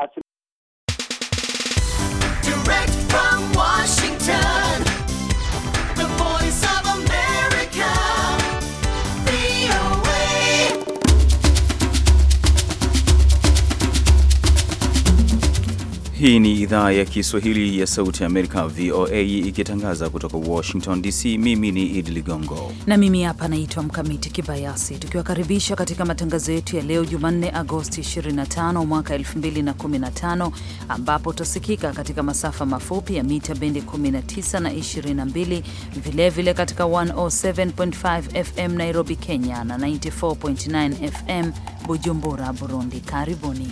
आज Hii ni idhaa ya Kiswahili ya Sauti ya Amerika, VOA, ikitangaza kutoka Washington DC. Mimi ni Idi Ligongo na mimi hapa naitwa Mkamiti Kibayasi, tukiwakaribisha katika matangazo yetu ya leo Jumanne, Agosti 25 mwaka 2015, ambapo utasikika katika masafa mafupi ya mita bendi 19 na 22, vilevile vile katika 107.5 FM Nairobi, Kenya na 94.9 FM Bujumbura, Burundi. Karibuni.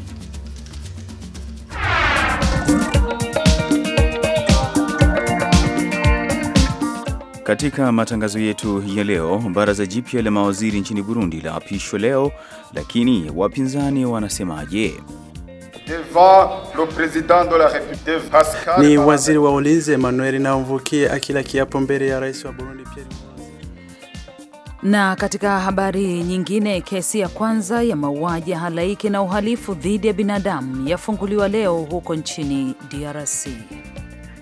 Katika matangazo yetu ya leo, baraza jipya la mawaziri nchini Burundi laapishwa leo, lakini wapinzani wanasemaje? Ni waziri wa ulinzi Emmanuel namvukie akila kiapo mbele ya rais wa Burundi Pierre na katika habari nyingine, kesi ya kwanza ya mauaji ya halaiki na uhalifu dhidi ya binadamu yafunguliwa leo huko nchini DRC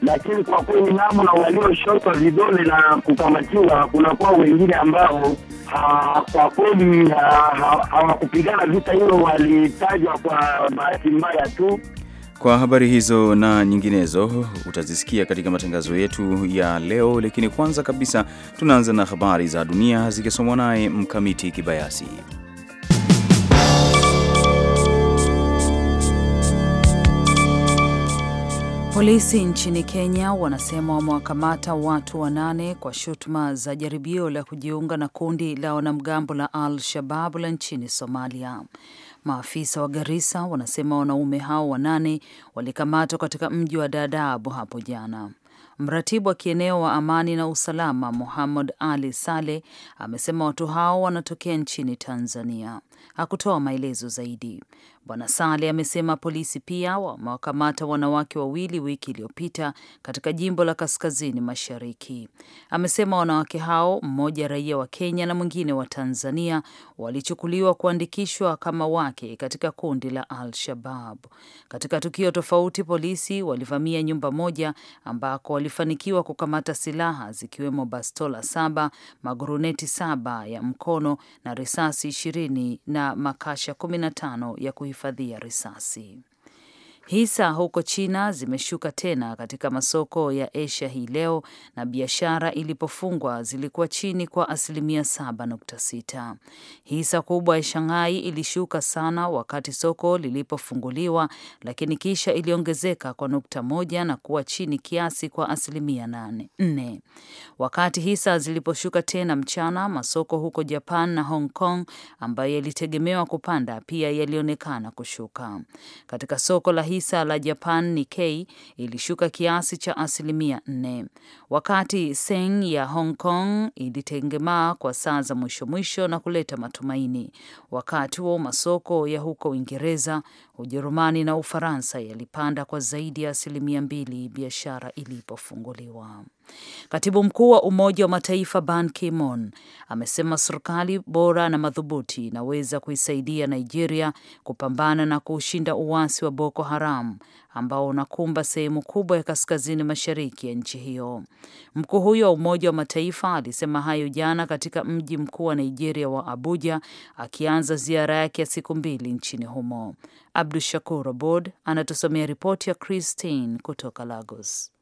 lakini kwa kweli namna walioshoka vidole na kukamatiwa, kunakuwa wengine ambao ha, kwa kweli hawakupigana ha, ha, vita hiyo walitajwa kwa bahati mbaya tu. Kwa habari hizo na nyinginezo utazisikia katika matangazo yetu ya leo, lakini kwanza kabisa tunaanza na habari za dunia zikisomwa naye Mkamiti Kibayasi. Polisi nchini Kenya wanasema wamewakamata watu wanane kwa shutuma za jaribio la kujiunga na kundi la wanamgambo la Al-Shabab la nchini Somalia. Maafisa wa Garissa wanasema wanaume hao wanane walikamatwa katika mji wa Dadaab hapo jana. Mratibu wa kieneo wa amani na usalama Muhammad Ali Saleh amesema watu hao wanatokea nchini Tanzania. Hakutoa maelezo zaidi. Bwana Sale amesema polisi pia wamewakamata wanawake wawili wiki iliyopita katika jimbo la kaskazini mashariki. Amesema wanawake hao, mmoja raia wa Kenya na mwingine wa Tanzania, walichukuliwa kuandikishwa kama wake katika kundi la Al-Shabab. Katika tukio tofauti, polisi walivamia nyumba moja ambako walifanikiwa kukamata silaha zikiwemo bastola saba, maguruneti saba ya mkono na risasi ishirini na makasha kumi na tano ya kuhifu hifadhia risasi. Hisa huko China zimeshuka tena katika masoko ya Asia hii leo, na biashara ilipofungwa zilikuwa chini kwa asilimia 7.6. Hisa kubwa ya Shanghai ilishuka sana wakati soko lilipofunguliwa, lakini kisha iliongezeka kwa nukta moja na kuwa chini kiasi kwa asilimia 4. Wakati hisa ziliposhuka tena mchana, masoko huko Japan na Hong Kong ambayo yalitegemewa kupanda pia yalionekana kushuka. Katika soko la hisa la Japan Nikkei ilishuka kiasi cha asilimia nne, wakati Seng ya Hong Kong ilitengemaa kwa saa za mwisho mwisho na kuleta matumaini. Wakati huo masoko ya huko Uingereza Ujerumani na Ufaransa yalipanda kwa zaidi ya asilimia mbili biashara ilipofunguliwa. Katibu mkuu wa Umoja wa Mataifa Ban Ki-moon amesema serikali bora na madhubuti inaweza kuisaidia Nigeria kupambana na kuushinda uasi wa Boko Haram ambao unakumba sehemu kubwa ya kaskazini mashariki ya nchi hiyo. Mkuu huyo wa Umoja wa Mataifa alisema hayo jana katika mji mkuu wa Nigeria wa Abuja, akianza ziara yake ya siku mbili nchini humo. Abdu Shakur Abod anatusomea ripoti ya Christine kutoka Lagos.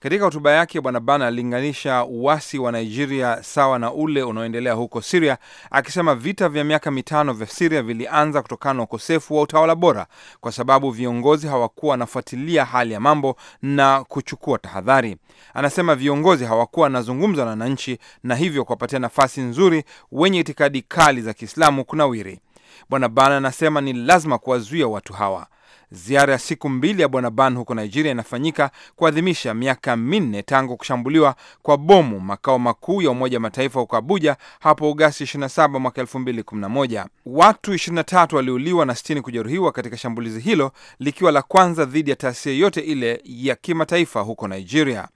Katika hotuba yake Bwana Ban alilinganisha uasi wa Nigeria sawa na ule unaoendelea huko Siria, akisema vita vya miaka mitano vya Siria vilianza kutokana na ukosefu wa utawala bora, kwa sababu viongozi hawakuwa wanafuatilia hali ya mambo na kuchukua tahadhari. Anasema viongozi hawakuwa wanazungumza na wananchi, na hivyo kuwapatia nafasi nzuri wenye itikadi kali za Kiislamu kunawiri. Bwana Ban anasema ni lazima kuwazuia watu hawa. Ziara ya siku mbili ya Bwana Ban huko Nigeria inafanyika kuadhimisha miaka minne tangu kushambuliwa kwa bomu makao makuu ya Umoja Mataifa huko Abuja hapo Agosti 27 mwaka 2011. Watu 23 waliuliwa na 60 kujeruhiwa katika shambulizi hilo, likiwa la kwanza dhidi ya taasisi yoyote ile ya kimataifa huko Nigeria.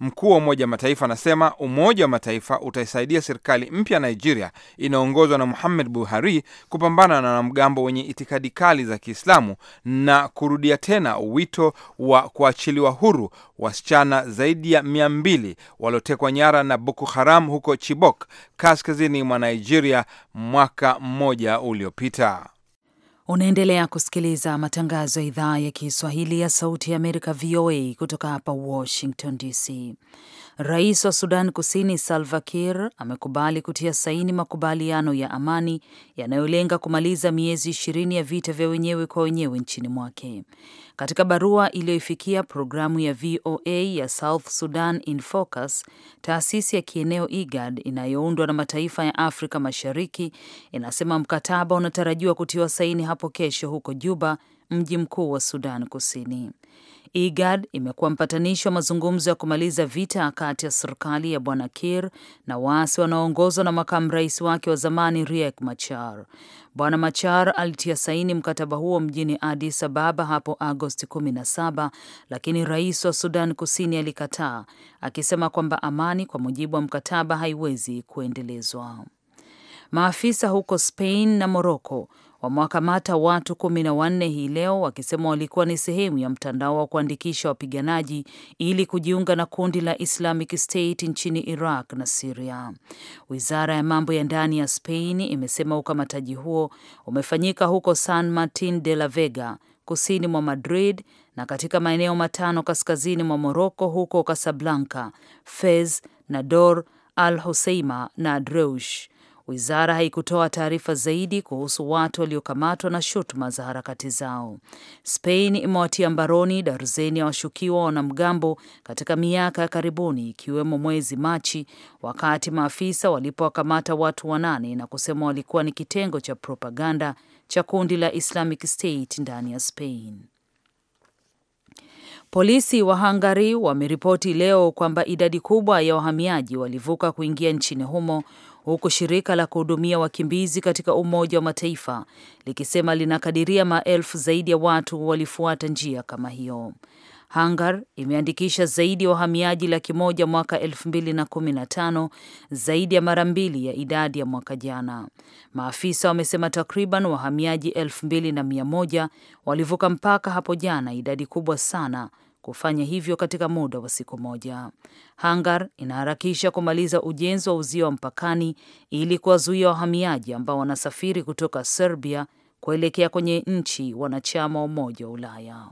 Mkuu wa Umoja wa Mataifa anasema Umoja wa Mataifa utaisaidia serikali mpya ya Nigeria inayoongozwa na Muhammad Buhari kupambana na wanamgambo wenye itikadi kali za Kiislamu na kurudia tena wito wa kuachiliwa huru wasichana zaidi ya mia mbili waliotekwa nyara na Boko Haram huko Chibok, kaskazini mwa Nigeria mwaka mmoja uliopita. Unaendelea kusikiliza matangazo ya idhaa ya Kiswahili ya Sauti ya Amerika, VOA, kutoka hapa Washington DC. Rais wa Sudan Kusini Salva Kiir amekubali kutia saini makubaliano ya amani yanayolenga kumaliza miezi ishirini ya vita vya wenyewe kwa wenyewe nchini mwake. Katika barua iliyoifikia programu ya VOA ya South Sudan in Focus, taasisi ya kieneo IGAD inayoundwa na mataifa ya Afrika Mashariki inasema mkataba unatarajiwa kutiwa saini hapo kesho huko Juba mji mkuu wa Sudan Kusini. IGAD imekuwa mpatanishi wa mazungumzo ya kumaliza vita kati ya serikali ya bwana Kir na waasi wanaoongozwa na makamu rais wake wa zamani Riek Machar. Bwana Machar alitia saini mkataba huo mjini Addis Ababa hapo Agosti 17, lakini rais wa Sudan Kusini alikataa akisema kwamba amani kwa mujibu wa mkataba haiwezi kuendelezwa. Maafisa huko Spain na Moroko wamewakamata watu kumi na wanne hii leo wakisema walikuwa ni sehemu ya mtandao wa kuandikisha wapiganaji ili kujiunga na kundi la Islamic State nchini Iraq na Siria. Wizara ya mambo ya ndani ya Spain imesema ukamataji huo umefanyika huko San Martin de la Vega kusini mwa Madrid na katika maeneo matano kaskazini mwa Moroko huko Casablanca, Fez, Nador, Al huseima na Dreush. Wizara haikutoa taarifa zaidi kuhusu watu waliokamatwa na shutuma za harakati zao. Spain imewatia mbaroni darzeni ya washukiwa wanamgambo katika miaka ya karibuni, ikiwemo mwezi Machi wakati maafisa walipowakamata watu wanane na kusema walikuwa ni kitengo cha propaganda cha kundi la Islamic State ndani ya Spain. Polisi wa Hungary wameripoti leo kwamba idadi kubwa ya wahamiaji walivuka kuingia nchini humo huku shirika la kuhudumia wakimbizi katika Umoja wa Mataifa likisema linakadiria maelfu zaidi ya watu walifuata njia kama hiyo. Hangar imeandikisha zaidi ya wahamiaji laki moja mwaka elfu mbili na kumi na tano, zaidi ya mara mbili ya idadi ya mwaka jana. Maafisa wamesema takriban wahamiaji elfu mbili na mia moja walivuka mpaka hapo jana, idadi kubwa sana kufanya hivyo katika muda wa siku moja. hangar inaharakisha kumaliza ujenzi wa uzio wa mpakani ili kuwazuia wahamiaji ambao wanasafiri kutoka Serbia kuelekea kwenye nchi wanachama wa Umoja wa Ulaya.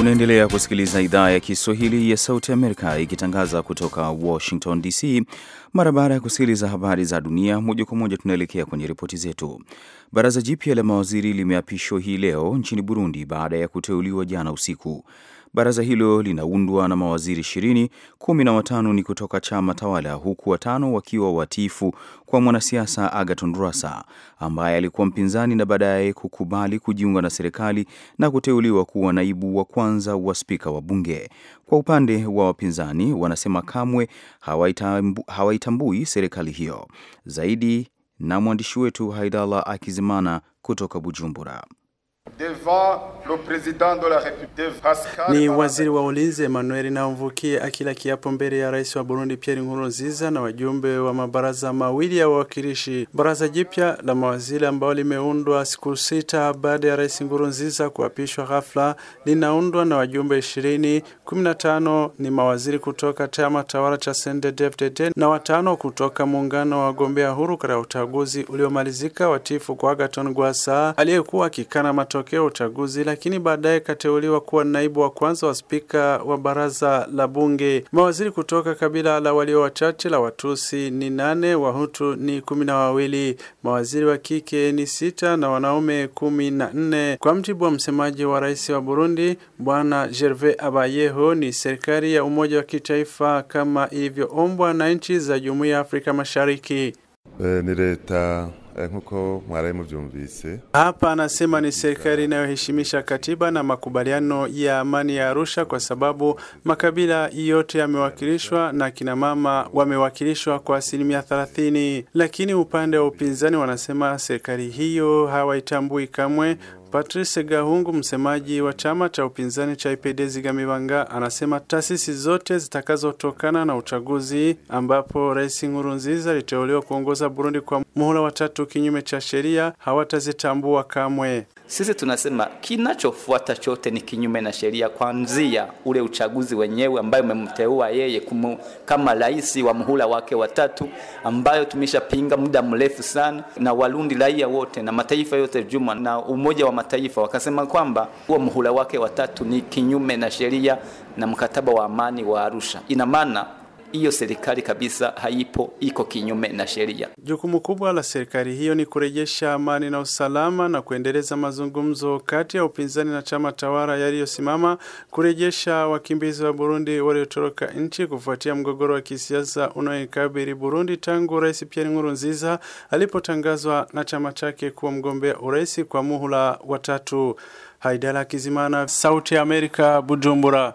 Unaendelea kusikiliza idhaa ya Kiswahili ya Sauti Amerika ikitangaza kutoka Washington DC. Mara baada ya kusikiliza habari za dunia moja kwa moja, tunaelekea kwenye ripoti zetu. Baraza jipya la mawaziri limeapishwa hii leo nchini Burundi baada ya kuteuliwa jana usiku. Baraza hilo linaundwa na mawaziri ishirini, kumi na watano ni kutoka chama tawala, huku watano wakiwa watiifu kwa mwanasiasa agaton rasa ambaye alikuwa mpinzani na baadaye kukubali kujiunga na serikali na kuteuliwa kuwa naibu wa kwanza wa spika wa bunge. Kwa upande wa wapinzani, wanasema kamwe hawaitambu, hawaitambui serikali hiyo. Zaidi na mwandishi wetu Haidala Akizimana kutoka Bujumbura. Ni waziri wa ulinzi Emmanuel Namvukie akila kiapo mbele ya rais wa Burundi Pierre Nkurunziza na wajumbe wa mabaraza mawili ya wawakilishi. Baraza jipya la mawaziri ambao limeundwa siku sita baada ya rais Nkurunziza kuapishwa ghafla linaundwa na wajumbe ishirini, kumi na tano ni mawaziri kutoka chama tawala cha CNDD-FDD na watano kutoka muungano wa wagombea huru katika uchaguzi uliomalizika watifu kwa Agathon Rwasa aliyekuwa akikana matokeo uchaguzi, lakini baadaye kateuliwa kuwa naibu wa kwanza wa spika wa baraza la bunge. Mawaziri kutoka kabila la walio wachache la Watusi ni nane, Wahutu ni kumi na wawili, mawaziri wa kike ni sita na wanaume kumi na nne. Kwa mjibu wa msemaji wa rais wa Burundi Bwana Gervais Abayeho, ni serikali ya umoja wa kitaifa kama ilivyoombwa na nchi za jumuiya ya Afrika Mashariki. E, ni leta Eh, nkuko mwaraye muvyumvise. Hapa anasema ni serikali inayoheshimisha katiba na makubaliano ya amani ya Arusha, kwa sababu makabila yote yamewakilishwa na kina mama wamewakilishwa kwa asilimia 30, lakini upande wa upinzani wanasema serikali hiyo hawaitambui kamwe Patrice Gahungu, msemaji wa chama cha upinzani cha IPD Zigamibanga, anasema taasisi zote zitakazotokana na uchaguzi ambapo Rais Nkurunziza aliteuliwa kuongoza Burundi kwa muhula watatu kinyume cha sheria hawatazitambua kamwe. Sisi tunasema kinachofuata chote ni kinyume na sheria, kwanzia ule uchaguzi wenyewe ambayo umemteua yeye kumu, kama rais wa muhula wake watatu, ambayo tumeshapinga muda mrefu sana, na Warundi raia wote na mataifa yote juma na umoja wa Mataifa wakasema kwamba huo mhula wake watatu ni kinyume na sheria na mkataba wa amani wa Arusha. Ina maana hiyo serikali kabisa haipo, iko kinyume na sheria. Jukumu kubwa la serikali hiyo ni kurejesha amani na usalama na kuendeleza mazungumzo kati ya upinzani na chama tawala yaliyosimama, kurejesha wakimbizi wa Burundi waliotoroka nchi kufuatia mgogoro wa kisiasa unaoikabili Burundi tangu Rais Pierre Nkurunziza alipotangazwa na chama chake kuwa mgombea urais kwa muhula watatu. Haidala Kizimana, Sauti ya Amerika, Bujumbura.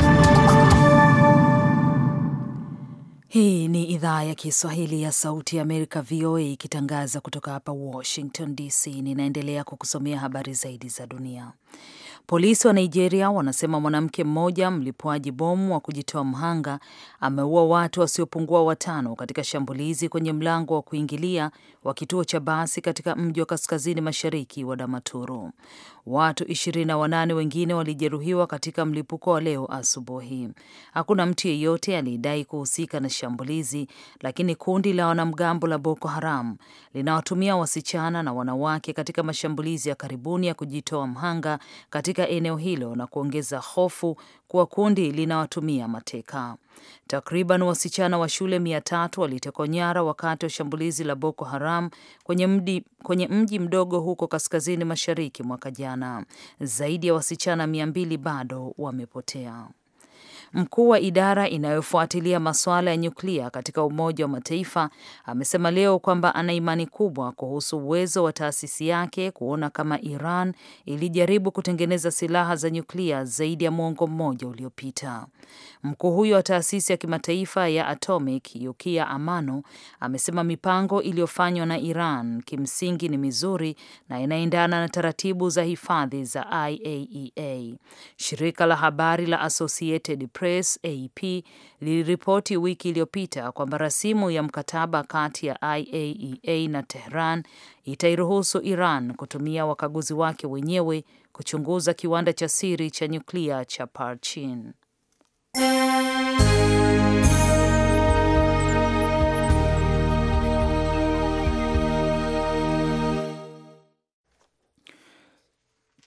Hii ni idhaa ya Kiswahili ya Sauti ya Amerika, VOA, ikitangaza kutoka hapa Washington DC. Ninaendelea kukusomea habari zaidi za dunia. Polisi wa Nigeria wanasema mwanamke mmoja mlipuaji bomu wa kujitoa mhanga ameua watu wasiopungua watano katika shambulizi kwenye mlango wa kuingilia wa kituo cha basi katika mji wa kaskazini mashariki wa Damaturu. Watu ishirini na wanane wengine walijeruhiwa katika mlipuko wa leo asubuhi. Hakuna mtu yeyote aliyedai kuhusika na shambulizi, lakini kundi la wanamgambo la Boko Haram linawatumia wasichana na wanawake katika mashambulizi ya karibuni ya kujitoa mhanga katika katika eneo hilo na kuongeza hofu kuwa kundi linawatumia mateka. Takriban wasichana wa shule mia tatu walitekwa nyara wakati wa shambulizi la Boko Haram kwenye mji, kwenye mji mdogo huko kaskazini mashariki mwaka jana. Zaidi ya wasichana mia mbili bado wamepotea. Mkuu wa idara inayofuatilia masuala ya nyuklia katika Umoja wa Mataifa amesema leo kwamba ana imani kubwa kuhusu uwezo wa taasisi yake kuona kama Iran ilijaribu kutengeneza silaha za nyuklia zaidi ya mwongo mmoja uliopita. Mkuu huyo wa taasisi ya kimataifa ya Atomic, Yukia Amano, amesema mipango iliyofanywa na Iran kimsingi ni mizuri na inaendana na taratibu za hifadhi za IAEA. E Shirika la habari la Associated Press AP liliripoti wiki iliyopita kwamba rasimu ya mkataba kati ya IAEA e na Tehran itairuhusu Iran kutumia wakaguzi wake wenyewe kuchunguza kiwanda cha siri cha nyuklia cha Parchin.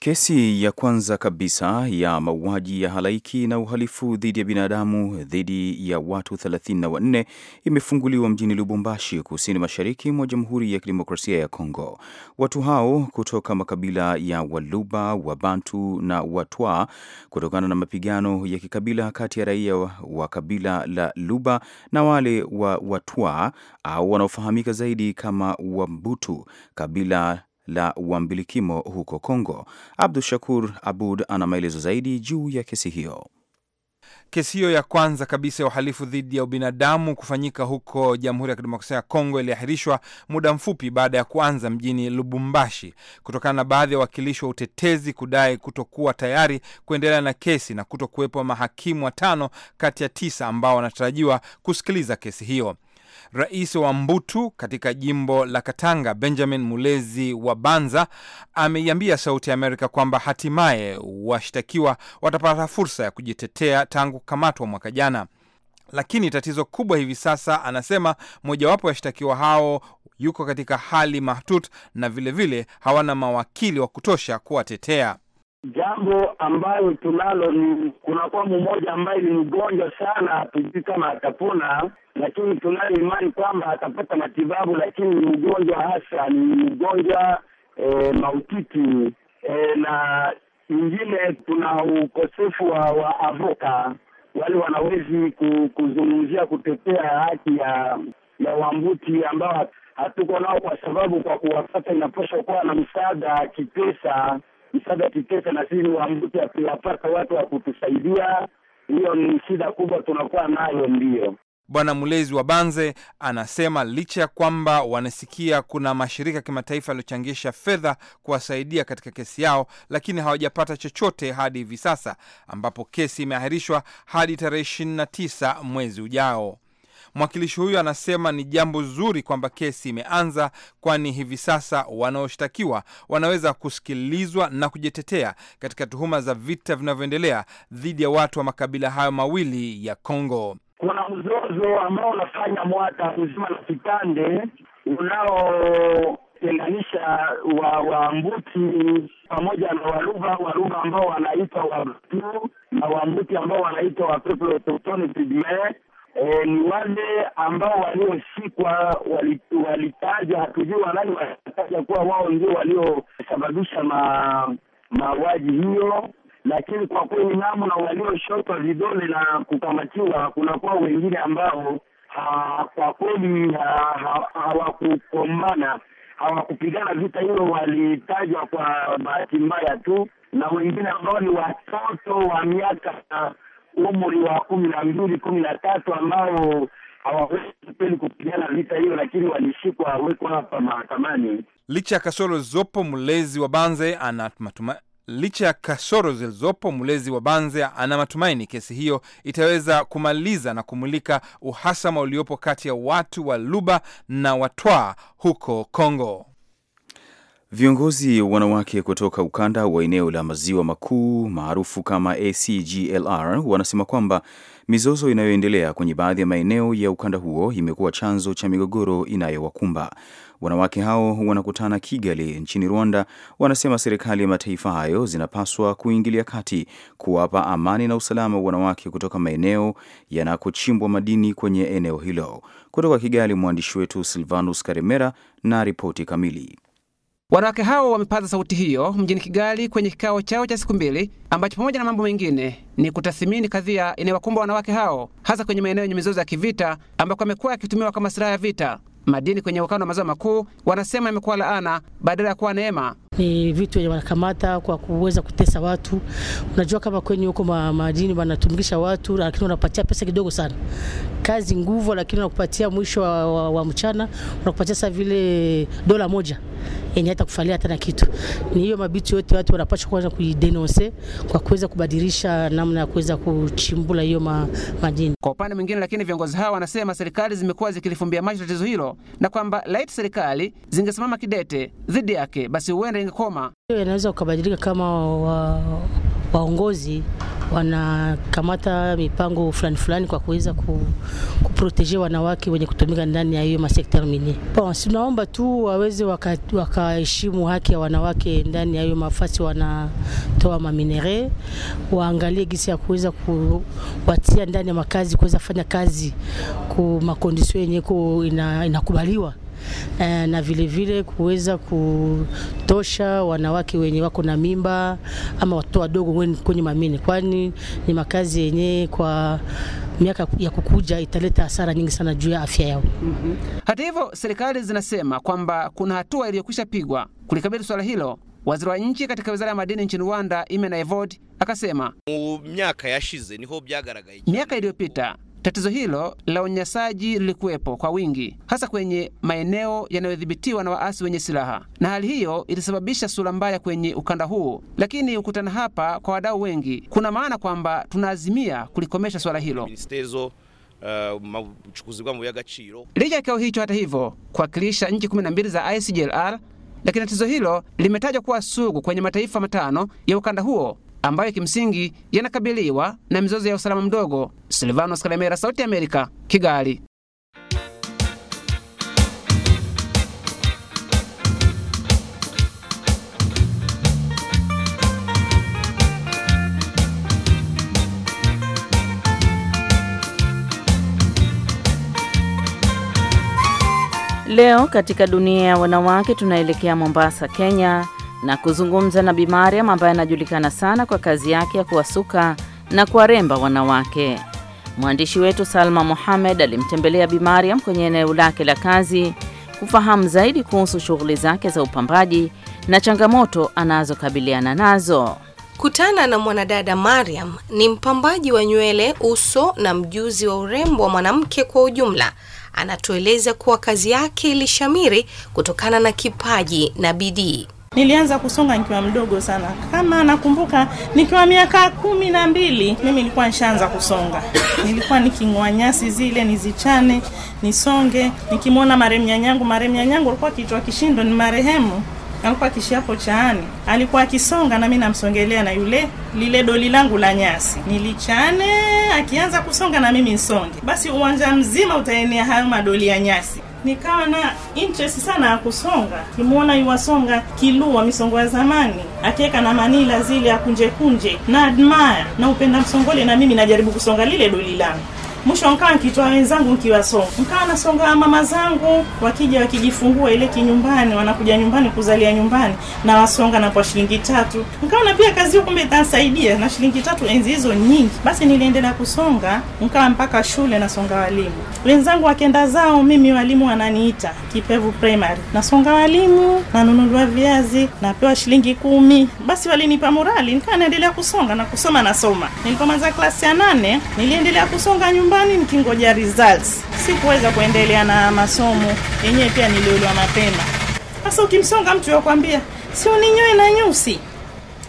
Kesi ya kwanza kabisa ya mauaji ya halaiki na uhalifu dhidi ya binadamu dhidi ya watu 34 imefunguliwa mjini Lubumbashi, kusini mashariki mwa Jamhuri ya Kidemokrasia ya Kongo. Watu hao kutoka makabila ya Waluba, Wabantu na Watwa, kutokana na mapigano ya kikabila kati ya raia wa kabila la Luba na wale wa Watwa au wanaofahamika zaidi kama Wambutu, kabila la uambilikimo huko Kongo. Abdu Shakur Abud ana maelezo zaidi juu ya kesi hiyo. Kesi hiyo ya kwanza kabisa ya uhalifu dhidi ya ubinadamu kufanyika huko Jamhuri ya Kidemokrasia ya Kongo iliahirishwa muda mfupi baada ya kuanza mjini Lubumbashi kutokana na baadhi ya wawakilishi wa utetezi kudai kutokuwa tayari kuendelea na kesi na kuto kuwepo mahakimu watano kati ya tisa ambao wanatarajiwa kusikiliza kesi hiyo. Rais wa Mbutu katika jimbo la Katanga, Benjamin Mulezi wa Banza, ameiambia Sauti ya Amerika kwamba hatimaye washtakiwa watapata fursa ya kujitetea tangu kukamatwa mwaka jana. Lakini tatizo kubwa hivi sasa, anasema mojawapo ya washtakiwa hao yuko katika hali mahututi na vilevile vile hawana mawakili wa kutosha kuwatetea. Jambo ambayo tunalo ni kunakuwa mmoja ambaye ni mgonjwa sana, hatujui kama atapona, lakini tunayo imani kwamba atapata matibabu, lakini ni mgonjwa hasa, ni mgonjwa e, eh, mautiti e, na ingine kuna ukosefu wa, wa avoka wale wanawezi kuzungumzia kutetea haki ya ya wambuti ambao hatuko nao, kwa sababu kwa kuwapata inaposha kuwa na msaada kipesa msaada kitesa, na sisi waambuti akiwapata watu wa kutusaidia. Hiyo ni shida kubwa tunakuwa nayo, ndio Bwana Mulezi wa Banze anasema licha ya kwamba wanasikia kuna mashirika ya kimataifa yaliyochangisha fedha kuwasaidia katika kesi yao, lakini hawajapata chochote hadi hivi sasa, ambapo kesi imeahirishwa hadi tarehe 29 mwezi ujao. Mwakilishi huyo anasema ni jambo zuri kwamba kesi imeanza, kwani hivi sasa wanaoshtakiwa wanaweza kusikilizwa na kujitetea katika tuhuma za vita vinavyoendelea dhidi ya watu wa makabila hayo mawili ya Kongo. Kuna mzozo ambao unafanya mwaka mzima na kipande unaotenganisha wa Wambuti pamoja na Waluva, Waluva ambao wanaitwa Wabantu na Wambuti ambao wanaitwa wa People e, ni wale ambao walioshikwa walitajwa, hatujui wanani wanataja kuwa wao ndio waliosababisha ma, mauaji hiyo, lakini kwa kweli namu na walioshotwa vidole na kukamatiwa, kunakuwa wengine ambao ha, kwa kweli hawakukombana ha, hawakupigana vita hilo, walitajwa kwa bahati mbaya tu, na wengine ambao ni watoto wa miaka umri wa kumi na mbili kumi na tatu ambao hawawezi kweli kupigana vita hiyo, lakini walishikwa wawekwa hapa mahakamani. Licha ya kasoro zilizopo, mlezi wa Banze ana licha ya kasoro zilizopo, mlezi wa Banze ana matumaini kesi hiyo itaweza kumaliza na kumulika uhasama uliopo kati ya watu wa Luba na Watwa huko Kongo. Viongozi wanawake kutoka ukanda wa eneo la maziwa makuu maarufu kama ACGLR wanasema kwamba mizozo inayoendelea kwenye baadhi ya maeneo ya ukanda huo imekuwa chanzo cha migogoro inayowakumba. Wanawake hao wanakutana Kigali nchini Rwanda, wanasema serikali ya mataifa hayo zinapaswa kuingilia kati kuwapa amani na usalama wanawake kutoka maeneo yanakochimbwa madini kwenye eneo hilo. Kutoka Kigali, mwandishi wetu Silvanus Karemera na ripoti kamili. Wanawake hao wamepaza sauti hiyo mjini Kigali kwenye kikao chao cha siku mbili ambacho pamoja na mambo mengine ni kutathimini kadhia inayowakumba wanawake hao hasa kwenye maeneo yenye mizozo ya kivita ambako yamekuwa yakitumiwa kama silaha ya vita. Madini kwenye ukanda wa maziwa makuu wanasema yamekuwa laana badala ya kuwa neema ni vitu wenye wanakamata kwa kuweza kutesa watu. Unajua kama kwenye huko ma, majini wanatumikisha watu, lakini wanapatia pesa kidogo sana, kazi nguvu, lakini wanakupatia mwisho wa, wa, wa mchana wanakupatia saa vile dola moja yenye hata kufalia hata na kitu. Ni hiyo mabitu yote watu wanapaswa kwanza kuidenonce kwa kuweza kubadilisha namna ya kuweza kuchimbula hiyo ma, madini. Kwa upande mwingine, lakini viongozi hao wanasema serikali zimekuwa zikilifumbia macho tatizo hilo na kwamba laiti serikali zingesimama kidete dhidi yake, basi huenda Ngikoma. Hiyo inaweza ukabadilika kama wa, waongozi wanakamata mipango fulani fulani kwa kuweza ku, kuproteje wanawake wenye kutumika ndani ya hiyo masekta mini. Bon, tunaomba tu waweze wakaheshimu waka haki ya wanawake ndani ya hiyo mafasi wanatoa maminere, waangalie gisi ya kuweza kuwatia ndani ya makazi kuweza kufanya kazi ku makondisio yenye inakubaliwa ina Eh, na vilevile kuweza kutosha wanawake wenye wako na mimba ama watoto wadogo kwenye mamini, kwani ni makazi yenye kwa miaka ya kukuja italeta hasara nyingi sana juu ya afya yao. Mm -hmm. Hata hivyo, serikali zinasema kwamba kuna hatua iliyokwisha pigwa kulikabili swala hilo. Waziri wa nchi katika wizara ya madini nchini Rwanda Imena Evode akasema miaka yashize niho byagaragaye, miaka iliyopita Tatizo hilo la unyanyasaji lilikuwepo kwa wingi, hasa kwenye maeneo yanayodhibitiwa na waasi wenye silaha, na hali hiyo ilisababisha sura mbaya kwenye ukanda huu. Lakini ukutana hapa kwa wadau wengi, kuna maana kwamba tunaazimia kulikomesha swala hilo. Uh, licha ya kikao hicho, hata hivyo, kuwakilisha nchi 12 za ICGLR, lakini tatizo hilo limetajwa kuwa sugu kwenye mataifa matano ya ukanda huo ambayo kimsingi yanakabiliwa na mizozo ya usalama mdogo. Silvanos kalemera Sauti ya Amerika, Kigali. Leo katika dunia ya wanawake tunaelekea Mombasa, Kenya na kuzungumza na Bi Mariam ambaye anajulikana sana kwa kazi yake ya kuwasuka na kuwaremba wanawake. Mwandishi wetu Salma Mohamed alimtembelea Bi Mariam kwenye eneo lake la kazi kufahamu zaidi kuhusu shughuli zake za upambaji na changamoto anazokabiliana nazo. Kutana na mwanadada Mariam, ni mpambaji wa nywele, uso na mjuzi wa urembo wa mwanamke kwa ujumla. Anatueleza kuwa kazi yake ilishamiri kutokana na kipaji na bidii. Nilianza kusonga nikiwa mdogo sana, kama nakumbuka, nikiwa miaka kumi na mbili mimi nilikuwa nishaanza kusonga. Nilikuwa niking'oa nyasi zile nizichane nisonge, nikimwona marehemu nyanyangu. Marehemu nyanyangu alikuwa akiitwa Kishindo, ni marehemu alikuwa kishiapo chaani, alikuwa akisonga nami namsongelea na yule lile doli langu la nyasi nilichane, akianza kusonga na mimi nsonge, basi uwanja mzima utaenea hayo madoli ya nyasi nikawa na interest sana ya kusonga. Nimuona yuwasonga kilua misongo ya zamani, akiweka na manila zile kunje na admire na upenda msongole, na mimi najaribu kusonga lile doli langu mwisho nkaa nkitoa wenzangu nkiwasonga, nkaa nasonga mama zangu, wakija wakijifungua ile kinyumbani, wanakuja nyumbani kuzalia nyumbani, na wasonga na kwa shilingi tatu. Nkaona pia kazi hiyo kumbe itanisaidia na shilingi tatu enzi hizo nyingi, basi niliendelea kusonga nkaa mpaka shule nasonga walimu wenzangu wakenda zao, mimi walimu wananiita Kipevu Primary, nasonga walimu, nanunuliwa viazi, napewa shilingi kumi. Basi walinipa morali, nkaa naendelea kusonga na kusoma. Nasoma nilipomaliza klasi ya nane niliendelea kusonga nyumbani nyumbani nikingoja results, sikuweza kuendelea na masomo yenyewe, pia niliolewa mapema. Sasa ukimsonga mtu yakwambia si uninyoe na nyusi.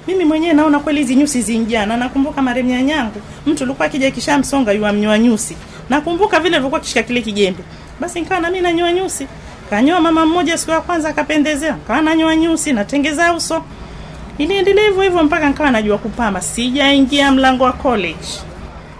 Mimi mwenyewe naona kweli hizi nyusi zinjana. Nakumbuka marehemu nyanyangu, mtu alikuwa akija kishamsonga yuamnyoa nyusi. Nakumbuka vile alivyokuwa kishika kile kijembe. Basi nikawa na mimi nanyoa nyusi. Kanyoa mama mmoja siku ya kwanza akapendezea Kawa nanyoa nyusi, natengeza uso. Iliendelea hivyo hivyo mpaka nikawa najua kupamba. Sijaingia mlango wa college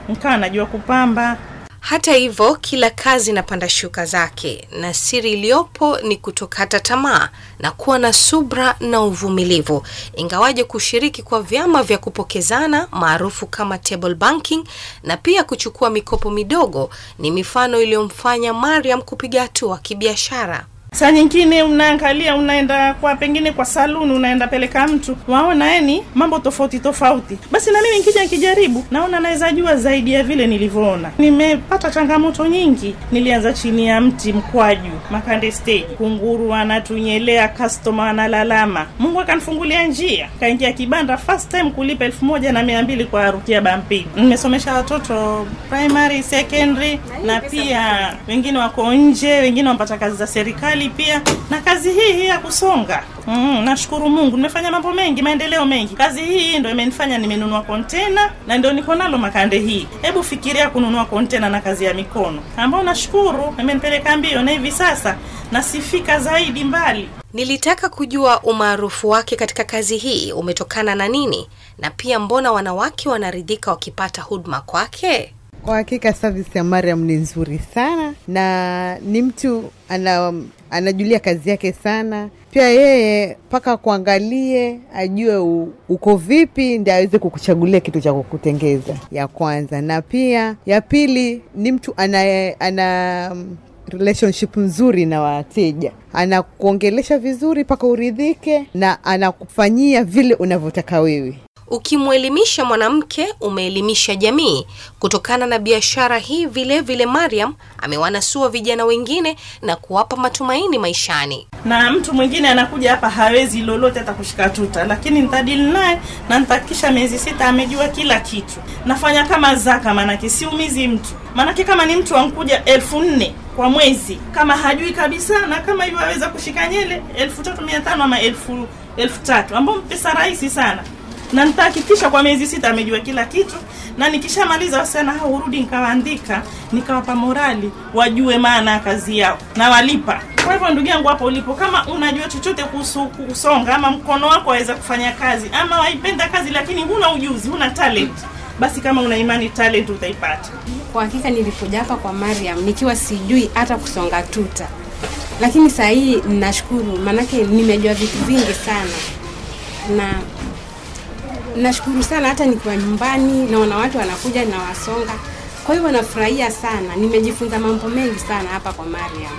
nikawa najua kupamba. Hata hivyo, kila kazi inapanda shuka zake, na siri iliyopo ni kutokata tamaa na kuwa na subra na uvumilivu. Ingawaje kushiriki kwa vyama vya kupokezana maarufu kama table banking na pia kuchukua mikopo midogo ni mifano iliyomfanya Mariam kupiga hatua kibiashara. Saa nyingine unaangalia, unaenda kwa pengine kwa saluni, unaenda peleka mtu waona, yani eh, mambo tofauti tofauti. Basi na mimi nikija nikijaribu, naona naweza jua zaidi ya vile nilivyoona. Nimepata changamoto nyingi. Nilianza chini ya mti mkwaju Makande stage, kunguru anatunyelea kastoma analalama. Mungu akanifungulia njia, kaingia kibanda first time kulipa elfu moja na mia mbili kwa rukia bampi. Nimesomesha watoto primary, secondary na pia wengine wako nje, wengine wanapata kazi za serikali pia na kazi hii hii ya kusonga. Mm, nashukuru Mungu nimefanya mambo mengi, maendeleo mengi. Kazi hii ndio imenifanya nimenunua kontena na ndio niko nalo makande hii. Hebu fikiria kununua kontena na kazi ya mikono ambayo nashukuru imenipeleka mbio, na hivi sasa nasifika zaidi mbali. Nilitaka kujua umaarufu wake katika kazi hii umetokana na nini, na pia mbona wanawake wanaridhika wakipata huduma kwake? Kwa hakika service ya Mariam ni nzuri sana, na ni mtu ana anajulia kazi yake sana. Pia yeye mpaka akuangalie ajue u, uko vipi, ndi aweze kukuchagulia kitu cha kukutengeza, ya kwanza. Na pia ya pili ni mtu ana, ana relationship nzuri na wateja, anakuongelesha vizuri mpaka uridhike, na anakufanyia vile unavyotaka wewe. Ukimwelimisha mwanamke umeelimisha jamii. Kutokana na biashara hii, vile vile Mariam amewanasua vijana wengine na kuwapa matumaini maishani. Na mtu mwingine anakuja hapa hawezi lolote, hata kushika tuta, lakini nitadili naye na nitahakikisha miezi sita amejua kila kitu. Nafanya kama zaka, maanake siumizi mtu, maanake kama ni mtu ankuja elfu nne kwa mwezi, kama hajui kabisa na kama hivyo aweza kushika nyele elfu tatu mia tano ama elfu elfu tatu ambao pesa rahisi sana na nitahakikisha kwa miezi sita amejua kila kitu, na nikishamaliza wasichana hao urudi nikawaandika, nikawapa morali, wajue maana ya kazi yao na walipa. Kwa hivyo ndugu yangu, hapo ulipo, kama unajua chochote kuhusu kusonga ama mkono wako waweza kufanya kazi ama waipenda kazi, lakini huna ujuzi, huna talent basi kama una imani talent utaipata kwa hakika. Nilikuja hapa kwa Mariam nikiwa sijui hata kusonga tuta, lakini saa hii ninashukuru, maanake nimejua vitu vingi sana na Nashukuru sana, hata nikiwa nyumbani naona watu wanakuja na wasonga, kwa hiyo nafurahia sana. Nimejifunza mambo mengi sana hapa kwa Mariam.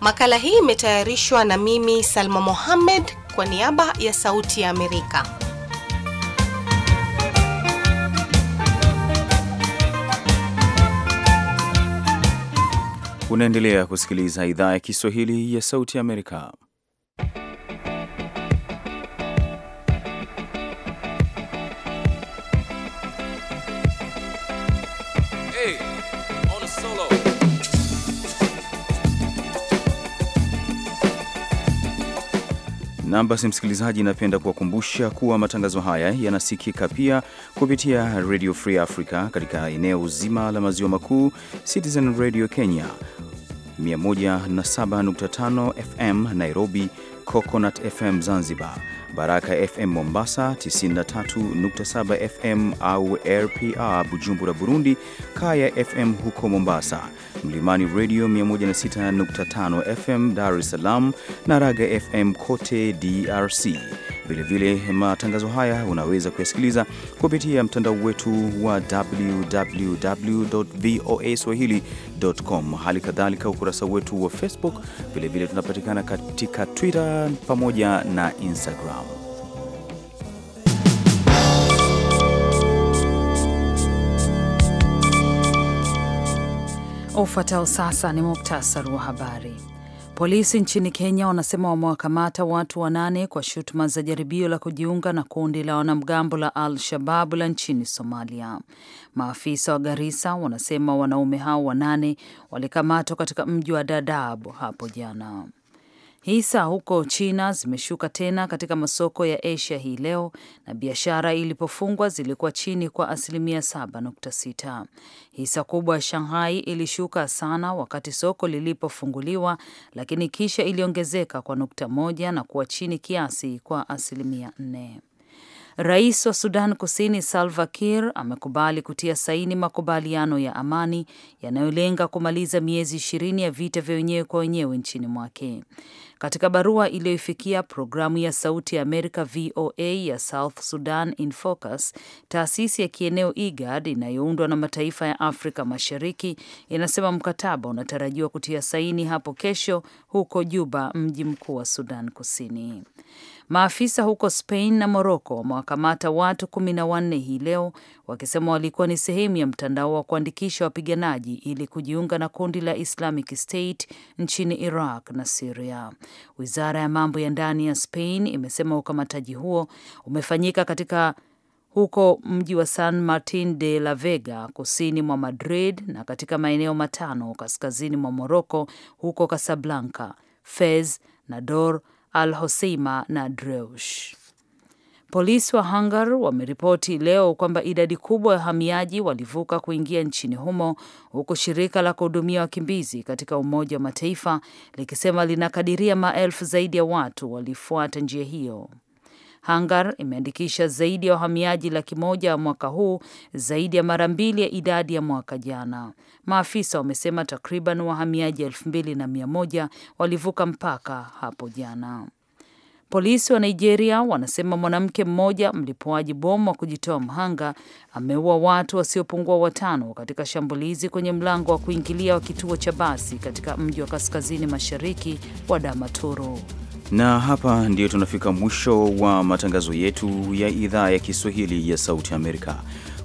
Makala hii imetayarishwa na mimi Salma Mohamed kwa niaba ya Sauti ya Amerika. Unaendelea kusikiliza idhaa ya Kiswahili ya Sauti ya Amerika. Na basi, msikilizaji, napenda kuwakumbusha kuwa matangazo haya yanasikika pia kupitia Radio Free Africa katika eneo zima la maziwa makuu, Citizen Radio Kenya 107.5 FM Nairobi, Coconut FM Zanzibar Baraka FM Mombasa 93.7 FM au RPR Bujumbura, Burundi, Kaya FM huko Mombasa, Mlimani Radio 106.5 FM Dar es Salaam na Raga FM kote DRC. Vilevile matangazo haya unaweza kuyasikiliza kupitia mtandao wetu wa www voa swahili facebook.com. Hali kadhalika ukurasa wetu wa Facebook vilevile tunapatikana katika Twitter pamoja na Instagram. Ufuatao sasa ni muktasari wa habari. Polisi nchini Kenya wanasema wamewakamata watu wanane kwa shutuma za jaribio la kujiunga na kundi la wanamgambo la al Shababu la nchini Somalia. Maafisa wa Garisa wanasema wanaume hao wanane walikamatwa katika mji wa Dadaab hapo jana. Hisa huko China zimeshuka tena katika masoko ya Asia hii leo, na biashara ilipofungwa zilikuwa chini kwa asilimia 7.6. Hisa kubwa ya Shanghai ilishuka sana wakati soko lilipofunguliwa, lakini kisha iliongezeka kwa nukta moja na kuwa chini kiasi kwa asilimia 4. Rais wa Sudan Kusini Salva Kiir amekubali kutia saini makubaliano ya amani yanayolenga kumaliza miezi ishirini ya vita vya wenyewe kwa wenyewe nchini mwake. Katika barua iliyoifikia programu ya Sauti ya Amerika VOA ya South Sudan in Focus, taasisi ya kieneo IGAD inayoundwa na mataifa ya Afrika Mashariki inasema mkataba unatarajiwa kutia saini hapo kesho huko Juba, mji mkuu wa Sudan Kusini. Maafisa huko Spain na Moroko wamewakamata watu kumi na wanne hii leo wakisema walikuwa ni sehemu ya mtandao wa kuandikisha wapiganaji ili kujiunga na kundi la Islamic State nchini Iraq na Siria. Wizara ya mambo ya ndani ya Spain imesema ukamataji huo umefanyika katika huko mji wa San Martin de la Vega kusini mwa Madrid na katika maeneo matano kaskazini mwa Moroko, huko Casablanca, Fez, Nador, Al Hoseima na Dreush. Polisi wa Hungar wameripoti leo kwamba idadi kubwa ya wahamiaji walivuka kuingia nchini humo, huku shirika la kuhudumia wakimbizi katika Umoja wa Mataifa likisema linakadiria maelfu zaidi ya watu walifuata njia hiyo. Hungar imeandikisha zaidi ya wahamiaji laki moja mwaka huu, zaidi ya mara mbili ya idadi ya mwaka jana. Maafisa wamesema takriban wahamiaji elfu mbili na mia moja walivuka mpaka hapo jana. Polisi wa Nigeria wanasema mwanamke mmoja mlipuaji bomu wa kujitoa mhanga ameua watu wasiopungua watano katika shambulizi kwenye mlango wa kuingilia wa kituo cha basi katika mji wa kaskazini mashariki wa Damaturu. Na hapa ndio tunafika mwisho wa matangazo yetu ya idhaa ya Kiswahili ya Sauti Amerika.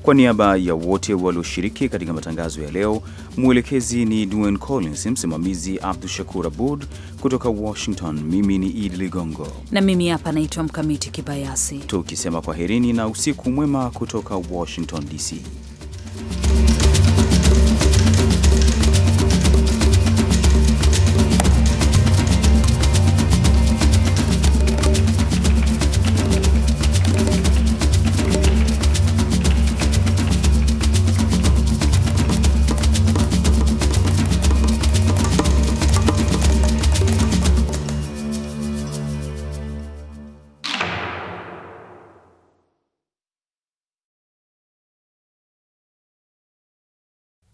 Kwa niaba ya wote walioshiriki katika matangazo ya leo, mwelekezi ni Dwayne Collins, msimamizi Abdu Shakur Abud kutoka Washington. Mimi ni Idi Ligongo na mimi hapa naitwa Mkamiti Kibayasi, tukisema kwaherini na usiku mwema kutoka Washington DC.